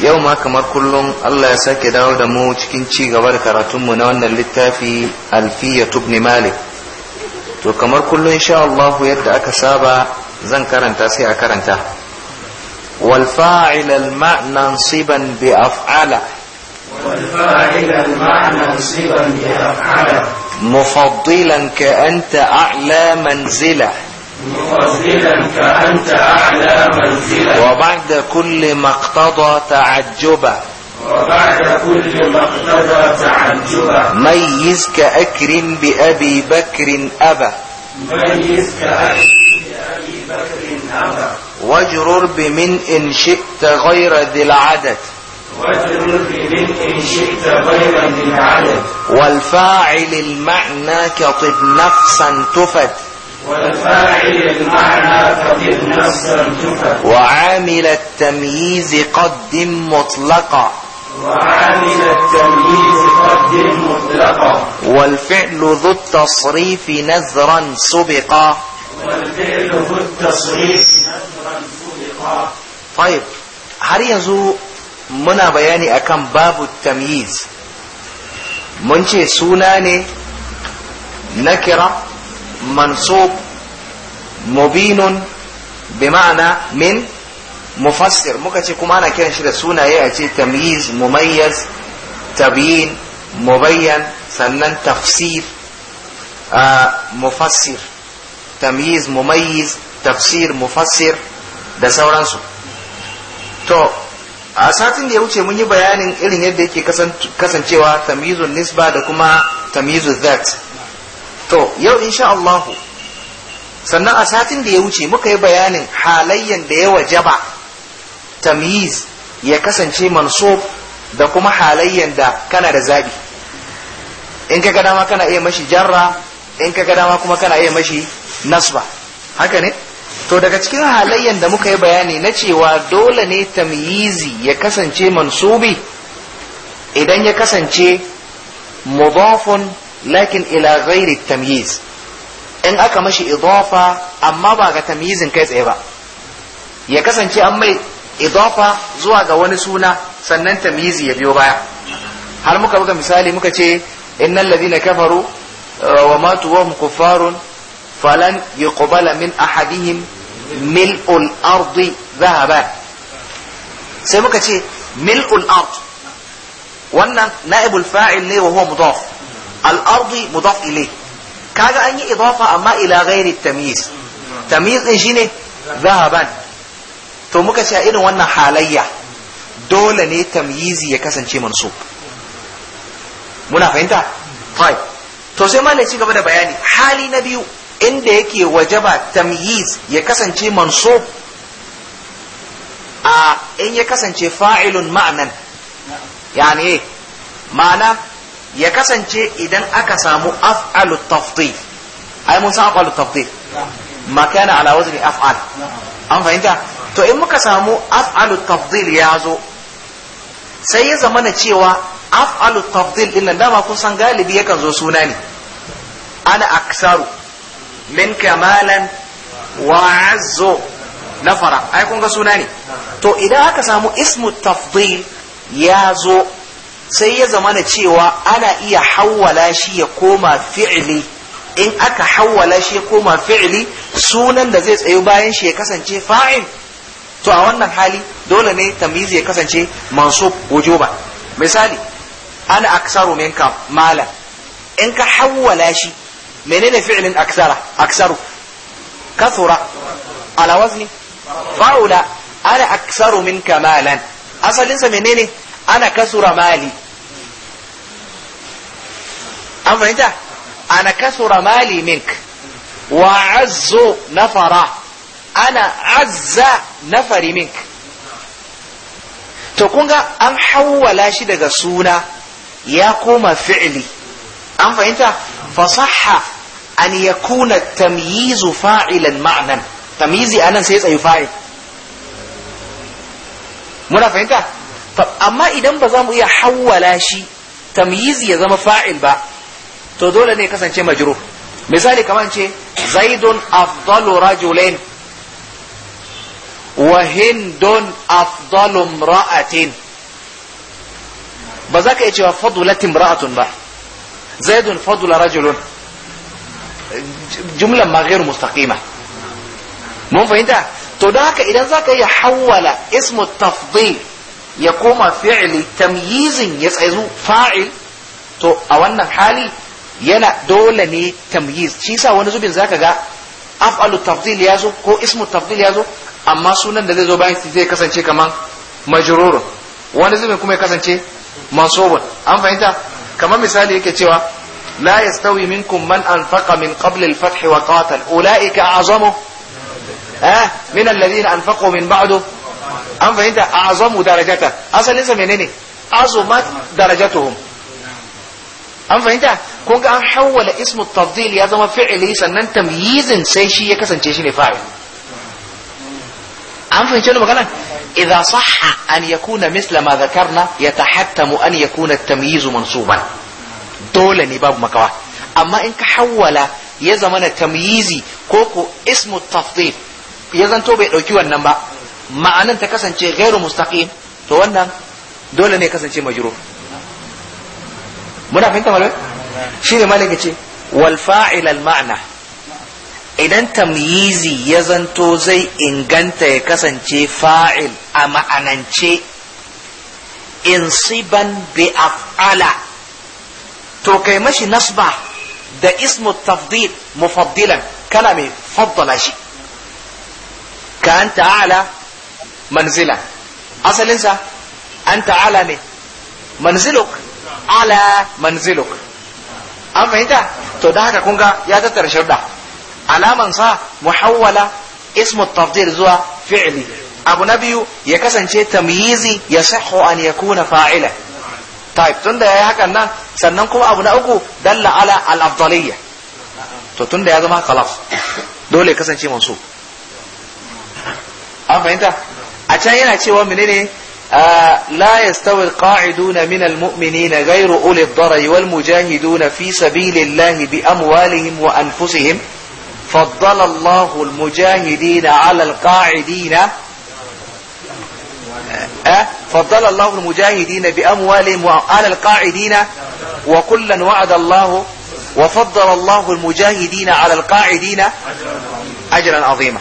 yau ma kamar kullum Allah ya sake dawo da mu cikin ci gaba da karatunmu na wannan littafi alfiya tubni malik to kamar kullum insha Allah yadda aka saba zan karanta sai a karanta wal fa'il al ma'na siban bi af'ala wal fa'il al ma'na siban bi af'ala mufaddilan ka anta a'la manzila منزلا فأنت أعلى منزلا وبعد كل ما اقتضى تعجبا وبعد كل ما اقتضى تعجبا ميز كأكر بأبي بكر أبا ميز كأكر بأبي بكر أبا واجرر بمن إن شئت غير ذي العدد واجرر بمن إن شئت غير ذي العدد والفاعل المعنى كطب نفسا تفد وعامل التمييز قدم مطلقا وعامل التمييز قدم مطلقا والفعل ذو التصريف نذرا سبقا والفعل ذو التصريف طيب هل يزو منا بياني أكم باب التمييز منشي سوناني نكره mansub mubinun bi ma'ana min mufassir muka ce kuma ana kiran shi da sunaye a ce tamyiz mumayyaz tabyin mubayyan sannan tafsir mufassir tamyiz mumayyiz tafsir mufassir da sauransu to a satin da ya wuce mun yi bayanin irin yadda yake kasancewa tamyizun nisba da kuma tamyizun that to yau insha Allah sannan a satin da ya wuce muka yi bayanin halayyan da ya wajaba tamiz ya kasance mansub da kuma halayyan da kana da zabi in ka ga ma kana iya mashi jarra in ka gada ma kuma kana iya mashi nasba haka ne to daga cikin halayyan da muka yi bayani na cewa dole ne tamyizi ya kasance mansubi idan ya kasance mudafun lakin ila ghairi tamyiz in aka mashi idafa amma ba ga tamyizin kai tsaye ba ya kasance an mai idafa zuwa ga wani suna sannan tamyizi ya biyo baya har muka buga misali muka ce innal ladina kafaru uh, wa matu wa kuffarun falan yuqbala min ahadihim mil'ul ardi dhahaba sai muka ce mil'ul ard wannan na'ibul fa'il ne wa huwa mudaf al'ardi mudaf ilai kaga an yi idafa amma ila ghairi tamyiz tamyiz din shine zahaban to muka ce a irin wannan halayya dole ne tamyizi ya kasance mansub muna fahimta Fai. to sai malai ci gaba da bayani hali na biyu inda yake wajaba tamyiz ya kasance mansub a in ya kasance fa'ilun ma'anan yani ma'ana ya kasance idan aka samu af'alu tafdil ai mun san af'alu tafdil makana ala wazni af'al an fahimta to in muka samu af'alu tafdil ya zo sai ya zamana cewa af'alu tafdil din nan dama kun san galibi yakan zo suna ne ana aksaru min kamalan wa azzu nafara ai kun ga suna ne to idan aka samu ismu tafdil ya zo sai ya zama na cewa ana iya hawwala shi ya koma fi'ili in aka hawwala shi ya koma fi'ili sunan da zai tsayo bayan shi ya kasance fa'il to a wannan hali dole ne tamyiz ya kasance mansub wujuba misali ana aksaru minka mala in ka hawwala shi menene fi'ilin aksara aksaru kathura ala wazni fa'ula ana aksaru minka malan asalinsa menene ana kasura mali an fahimta ana kasura mali mink wa azzo nafara ana azza nafari mink to kunga an hawwala shi daga suna ya koma fi'li an fahimta fasaha an kuna tamyizu fa'ilan ma'nan tamyizi anan sai tsayi fa'il muna fahimta amma idan ba za mu iya hawwala shi tamyizi ya zama fa'il ba to dole ne kasance majrur misali kamar ce zaidun afdalu rajulain wa hindun afdalu imra'atin ba za ka iya cewa fadulatin imra'atun ba zaidun fadula rajulun jumlan ma ghairu mustaqima mun fahimta to don haka idan za ka iya hawwala ismu tafdil ya koma fi'li tamyizin ya tsayu fa'il to a wannan hali yana dole ne tamyiz shi yasa wani zubin zaka ga af'alu tafdil ya zo ko ismu tafdil ya zo amma sunan da zai zo bayan zai kasance kaman majrurun wani zubin kuma ya kasance mansubun an fahimta kamar misali yake cewa لا يستوي منكم من أنفق من قبل الفتح وقاتل أولئك أعظمه آه من الذين أنفقوا من بعده أم فإنت أعظم darajata أصل لسه منيني أعظمت درجتهم an fahimta kun ga an hawwala ismu tafdil ya zama fi'ili sannan tamyizin sai shi ya kasance shi ne fa'il an fahimci wani magana idza sahha an yakuna misla ma dhakarna yatahattamu an yakuna at-tamyiz mansuban dole ne babu makawa amma in ka hawwala ya zama na tamyizi ko ko ismu tafdil ya zanto bai dauki wannan ba ma'anan ta kasance ghairu mustaqim to wannan dole ne kasance majrur muna fahimta malamai shine malam yace wal fa'il al ma'na idan tamyizi ya zanto zai inganta ya kasance fa'il a ma'anance in insiban bi af'ala to kai mashi nasba da ismu tafdil mufaddilan kana mai faddala shi ka an ta'ala manzila asalinsa an ta'ala ne manziluk ala manziluk an fahimta to da haka kun ga ya tattara shirda alaman sa muhawwala ismu tafdil zuwa fi'li abu na biyu ya kasance tamyizi ya sahhu an yakuna fa'ila tun da ya yi hakan nan sannan kuma abu na uku dalla ala al-afdaliyya to tun da ya zama khalaf dole ya kasance mansub an fahimta a can yana cewa menene آه، لا يستوي القاعدون من المؤمنين غير أولي الضرر والمجاهدون في سبيل الله بأموالهم وأنفسهم فضل الله المجاهدين على القاعدين آه فضل الله المجاهدين بأموالهم على القاعدين وكلا وعد الله وفضل الله المجاهدين على القاعدين أجرا عظيما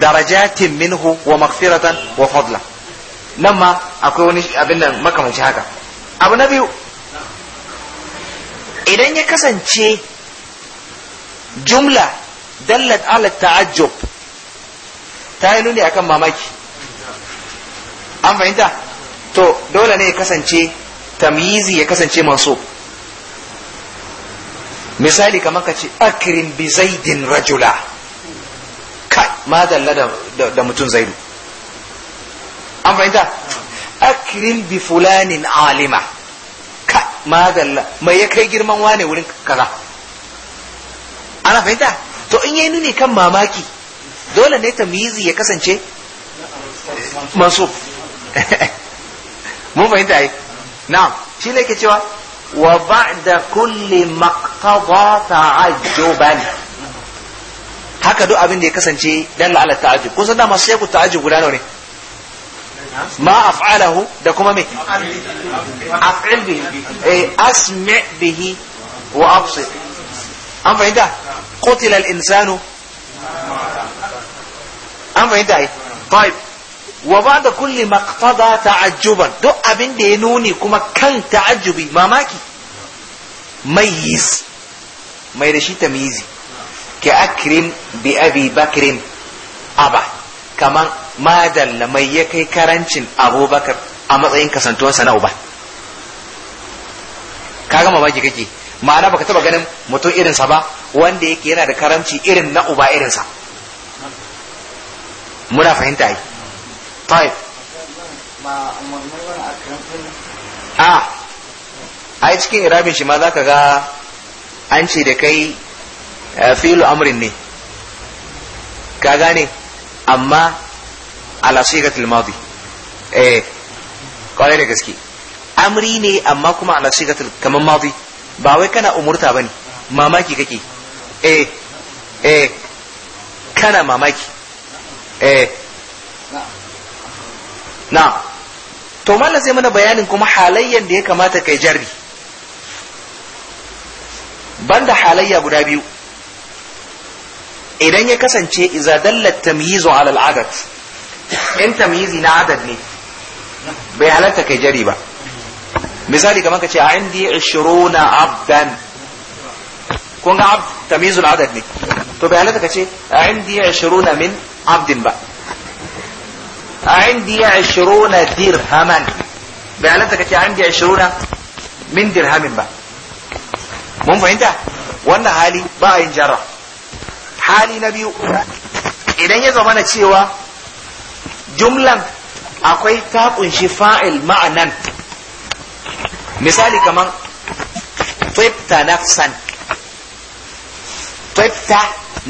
درجات منه ومغفرة وفضلا nan ma akwai wani abin nan makamanci haka abu na biyu idan ya kasance jumla dallat ala ta'ajjub ta yi nuni akan mamaki an fahimta to dole ne ya kasance tamyizi ya kasance manso misali kamar ka ce akirin bi zaidin rajula kai ma dalla da mutum zaidu an fahimta akrim bi fulanin alima ka madalla mai ya kai girman wane wurin kaza ana fahimta to in yayi nuni kan mamaki dole ne tamyizi ya kasance masu mun fahimta ai na'am shi ne yake cewa wa ba'da kulli maqtada ta'ajjuban haka duk abin da ya kasance dalla ala ta'ajjub kun san da masu yaku ta'ajjub guda nawa ne ma af'alahu da kuma me af'il bihi eh asmi bihi wa absir an fahimta qutila insanu an fahimta طيب وبعد كل ما اقتضى تعجبا دو da ya nuni kuma kan ta'ajubi mamaki mayiz mai da shi Ki ka akrim bi aba kaman madalla mai ya kai karancin abubakar a matsayin kasantuwansa na uba ka gama baki kake ma'ana baka taba ganin mutum irinsa ba wanda yake yana da karamci irin na uba irinsa muna fahimta yi taif a a cikin irabin shi ma za ka ga an ce da kai eh, filu amrin ne ka gane amma ala sigatil madi eh kwarai gaske amri ne amma kuma ala sigatil kamar ba wai kana umurta bane mamaki kake eh kana mamaki to mallan sai mana bayanin kuma halayyan da ya kamata kai jarri banda halayya guda biyu idan ya kasance iza dallat tamyizu a al'adat in tamyizi na adad ne bai halatta kai jari ba misali kamar ka ce a indi 20 abdan kun ga abd tamyizul adad ne to bai halatta ka ce a indi 20 min abdin ba a indi 20 dirhaman bai halatta ka ce a indi 20 min dirhamin ba mun fahimta wannan hali ba a yin jarra hali na biyu idan ya zama na cewa jumlan akwai ta kunshi fa'il ma'anan misali kaman tibta nafsan tibta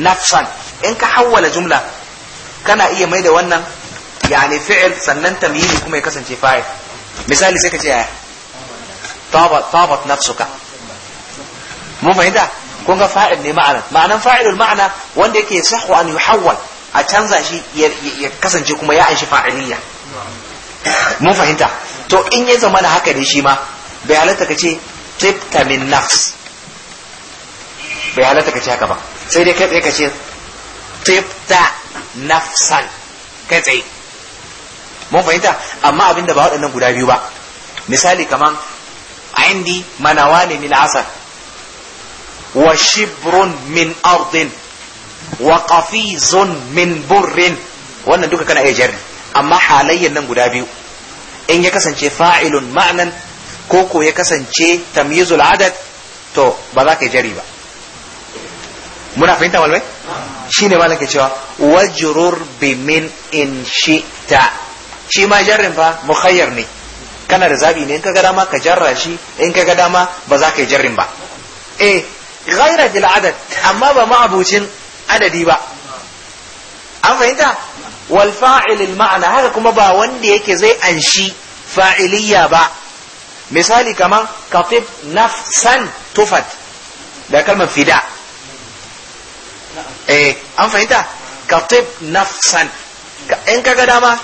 nafsan in ka hawwala jumla kana iya mai da wannan yani fi'il sannan tamyini kuma ya kasance fa'il misali sai ka ce yaya tabat nafsuka mun fahimta kun ga fa'il ne ma'ana ma'anan fa'ilul ma'ana wanda yake sahu an yuhawwal a canza shi ya kasance kuma ya anshi fa'iliya mun fahimta to in ya zama da haka ne shi ma bai halatta ka ce tifta min nafs bai halatta ka ce haka ba sai dai kai tsaye ka ce tifta nafsan kai tsaye mun fahimta amma abin da ba waɗannan guda biyu ba misali kaman indi manawa ne min asar wa shibrun min ardin wa qafizun min burrin wannan duka kana iya jari amma halayyan nan guda biyu in ya kasance fa'ilun ma'anan ko ko ya kasance tamyizul adad to ba za ka yi jari ba muna fahimta walwai Shi ne ke cewa wajrur bi min in shi'ta shi ma jarrin fa mukhayyar ne kana da zabi ne in kaga dama ka jarra shi in kaga dama ba za ka yi jarrin ba eh ghaira bil adad amma ba ma'abucin adadi ba an fahimta wal fa'ilil ma'ana haka kuma ba wanda yake zai anshi fa'iliya ba misali kaman katib nafsan tufat da kalmar fida eh an fahimta katib nafsan in ka ga dama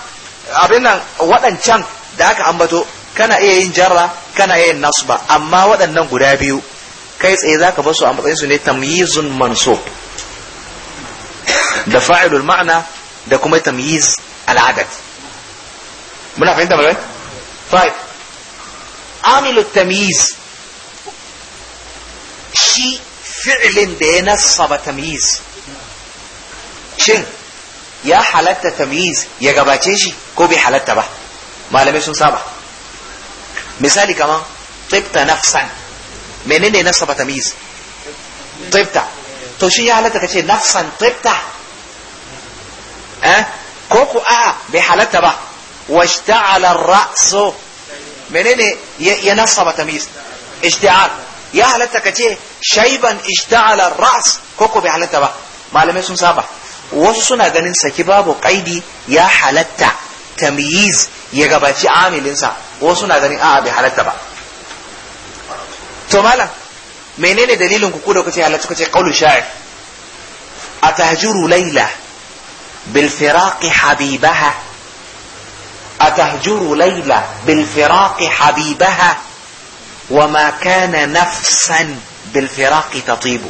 abin nan waɗancan da aka ambato kana iya yin jarra kana iya yin ba. amma waɗannan guda biyu kai tsaye zaka basu a matsayin su ne tamyizun mansub فاعل المعنى ده كما تمييز العدد منا فاعل ده مرات فاعل طيب. عامل التمييز شيء فعل دينا صب تمييز شن يا حالات تمييز يا جباتيجي كو بي حالات تبع ما لم يسون صعبة مثالي كمان طبت نفسا منين دينا صب تمييز طبت توشي يا حالات كتير نفسا طبت eh ko ku a bai halatta ba washta'ala ra'su menene ya nasaba tamiz? ishti'al ya halatta ka ce shayban ishta'ala ra's ko ko bai halatta ba malamai sun saba wasu suna ganin saki babu kaidi ya halatta tamiz ya gabaci amilinsa wasu suna ganin a'a bai halatta ba to malam menene dalilin ku da kuke halatta kuce qaulu sha'ir atahjuru layla بالفراق حبيبها أتهجر ليلى بالفراق حبيبها وما كان نفسا بالفراق تطيب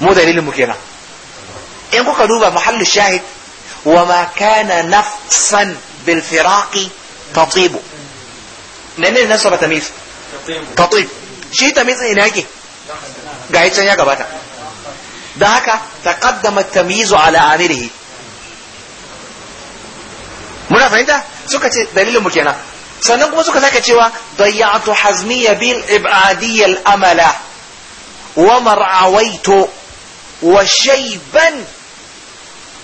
مو دليل المكينة إن كنت محل الشاهد وما كان نفسا بالفراق تطيب لأن نسبة تميز تطيب شيء تميز mitsin قاعد سنيا ga da haka taqaddama at-tamyizu ala amirihi muna fahimta suka ce dalilin mu kenan sannan kuma suka saka cewa dayya'tu hazmiya bil ibadiyya al-amala wa mar'awaitu wa shayban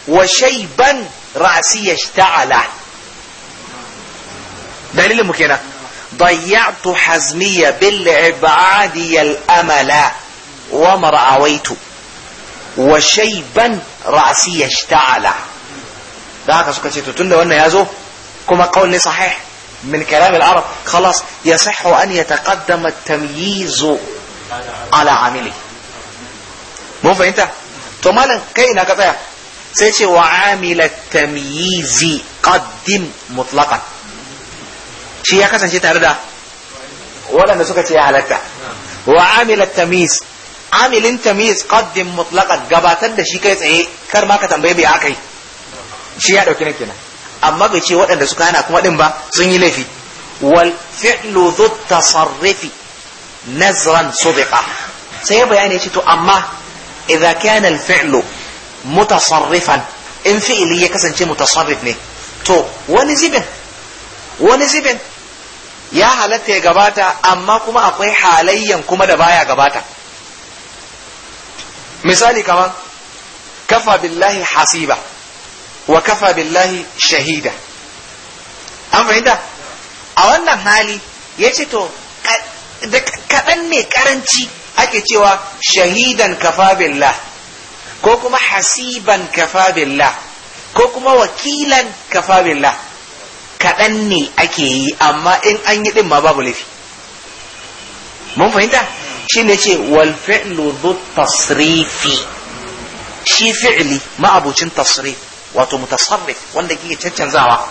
wa shayban ra'si yashta'ala dalilin mu kenan ضيعت حزمي بالعبادي الأمل وما رأويت وشيبا رأسي اشتعل ده هكا سكت ستتون لو أن يازو كما قول صحيح من كلام العرب خلاص يصح أن يتقدم التمييز على عامله مو فهمت فإنت تمالا كينا كتايا سيتي وعامل التمييز قدم مطلقا شيء كسان شيء تعرضه ولا نسوك شيء على التا وعامل التمييز amilin tamyiz qaddim mutlaqan gabatar da shi kai tsaye kar ma ka tambaye akai shi ya dauki na kenan amma bai ce waɗanda suka hana kuma din ba sun yi laifi wal fi'lu dhu tasarrufi nazran subiqa sai bayani shi to amma idza kana al fi'lu mutasarrifan in fi'li ya kasance mutasarrif ne to wani zibin wani zibin ya halatta ya gabata amma kuma akwai halayyan kuma da baya gabata misali kamar kafa billahi hasiba wa kafa billahi shahida an fahimta a wannan hali ya ce to kaɗan ne karanci ake cewa shahidan kafa billah ko kuma hasiban kafa billah ko kuma wakilan kafa billah kaɗan ne ake yi amma in an yi ɗin ma babu laifi mun fahimta ne ce wal fi'lu tasrifi shi fi'li ma'abucin tasrif wato mutasarrif wanda kike cancanzawa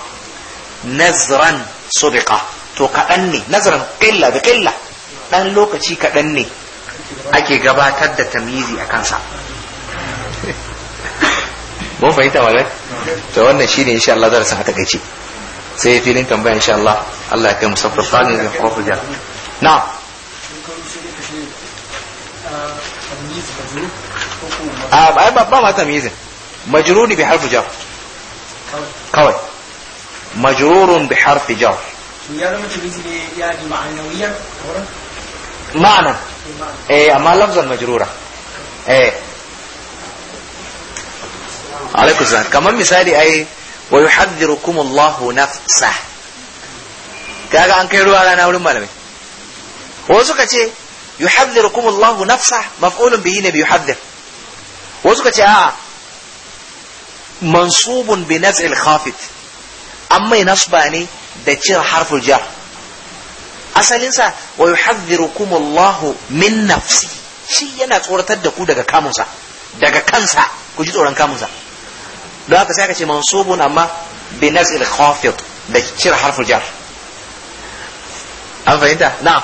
nazran subiqa to kaɗan ne nazran ƙilla bi ƙilla ɗan lokaci kaɗan ne ake gabatar da tamizi a kansa mun fahimta wannan to wannan ne insha Allah darasin a sai filin tambaya insha Allah Allah ya kai mu sabbin da na'am آه ما تمييزه مجرور بحرف جر قوي مجرور بحرف جر يعني معنى ايه اما لفظ المجرورة ايه عليكم السلام كمان مثالي ايه ويحذركم الله نفسه كاغا an kai ruwa rana wurin malamai wasu يحذركم الله نفسه مفعول به نبي يحذر wasu ka ce a'a mansubun bi naz'il amma ina mai ba ne da cin harful jar asalinsa wa yuhadhdhirukum Allah min nafsi shi yana tsoratar da ku daga kamunsa daga kansa ku ji tsoron kamunsa don haka sai aka ce mansubun amma bi naz'il khafid da cin harful jar an fahimta na'am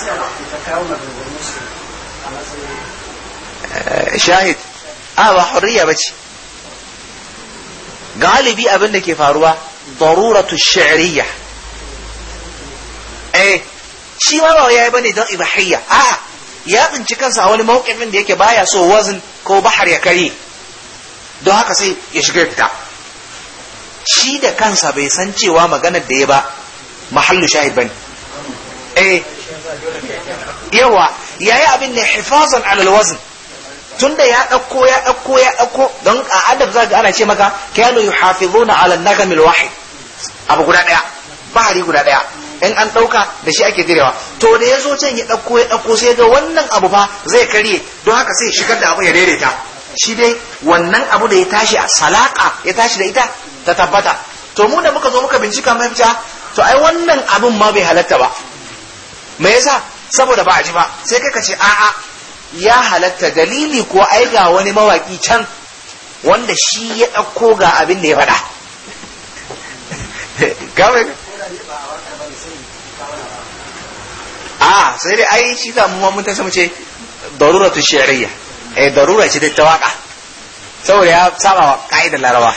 Eh, shahid a ah, ba hurriya ba ce galibi abin da ke faruwa daruratu shi'riya eh shi ma ba yayi bane don ibahiyya a ya tsinci kansa a wani mawqifin da yake baya so wazn ko bahar ya kare don haka sai ya shiga fita shi da kansa bai san cewa maganar da ya ba mahallu shahid bane eh yawa yi abin ne hifazan alal wazn tunda ya ɗauko ya ɗauko ya ɗauko. don a adab zaka ana ce maka kanu yuhafizuna ala nagam alwahid abu guda ɗaya. bahari guda daya in an ɗauka da shi ake direwa to da ya zo can ya ɗauko ya ɗauko sai ga wannan abu fa zai karye don haka sai shigar da abu ya daidaita shi dai wannan abu da ya tashi a salaka ya tashi da ita ta tabbata to mu da muka zo muka bincika mafita to ai wannan abun ma bai halatta ba me yasa saboda ba a ji ba sai kai ka ce a'a ya halatta dalili ko ai ga wani mawaki can wanda shi ya ɗauko ga abin da ya faɗa a sai dai ai shi da mu mun tasa mu ce darura tu shi'riyya eh darura ce da tawaka saboda ya saba wa ka'idar larawa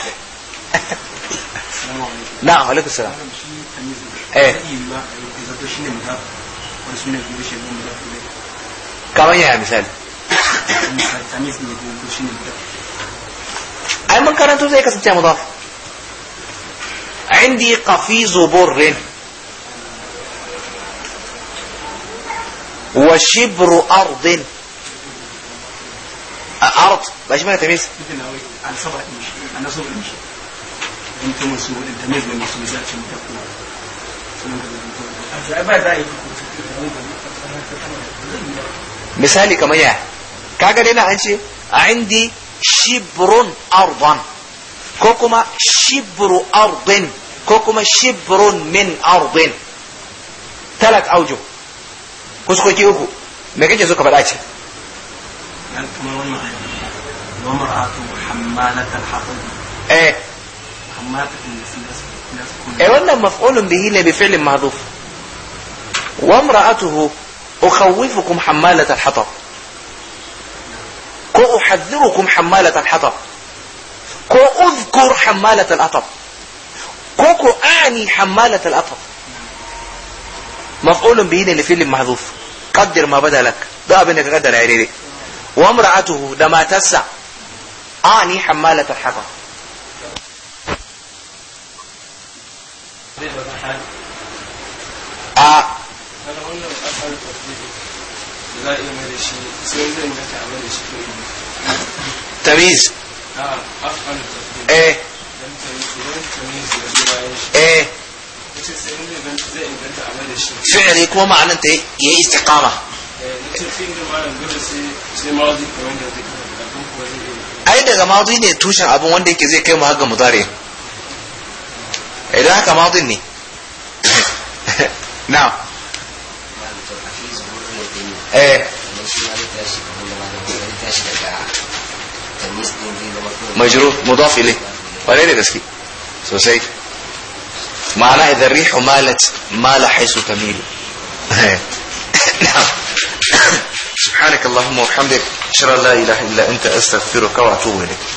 na alaikum salam eh كمان بيقولوا يعني مثال أي مكان misali زي mun مضاف عندي قفيز بر وشبر أرض أرض باش معنى تمييز على صبع مش على صبع مش أنت مسؤول أنت مسؤول مسؤول ذات المتقوى أبدا misali kamar ya kaga dai na an ce a indi shibrun ardan ko kuma shibru ardin ko kuma shibrun min ardin talat aujo kuskoki uku me kake so ka faɗa ce eh. eh wannan maf'ulun bihi ne bi fi'lin mahdhuf وامرأته أخوفكم حمالة الحطب كأحذركم حمالة الحطب كأذكر حمالة الأطب كوكو أعني حمالة الأطب مفعول به اللي محذوف المحذوف قدر ما بدا لك ده ابنك غدا العيني وامرأته دما تسع أعني حمالة الحطب آه za a iya mai da shi yi ai daga madi ne tushen abin wanda yake zai kai mu har ga mudari idan haka madi ne ايه مجرور مضاف اليه ولا تسكين سيف معناه اذا الريح مالت مال حيث تميل نعم سبحانك اللهم وبحمدك اشهد ان لا اله الا انت استغفرك واتوب اليك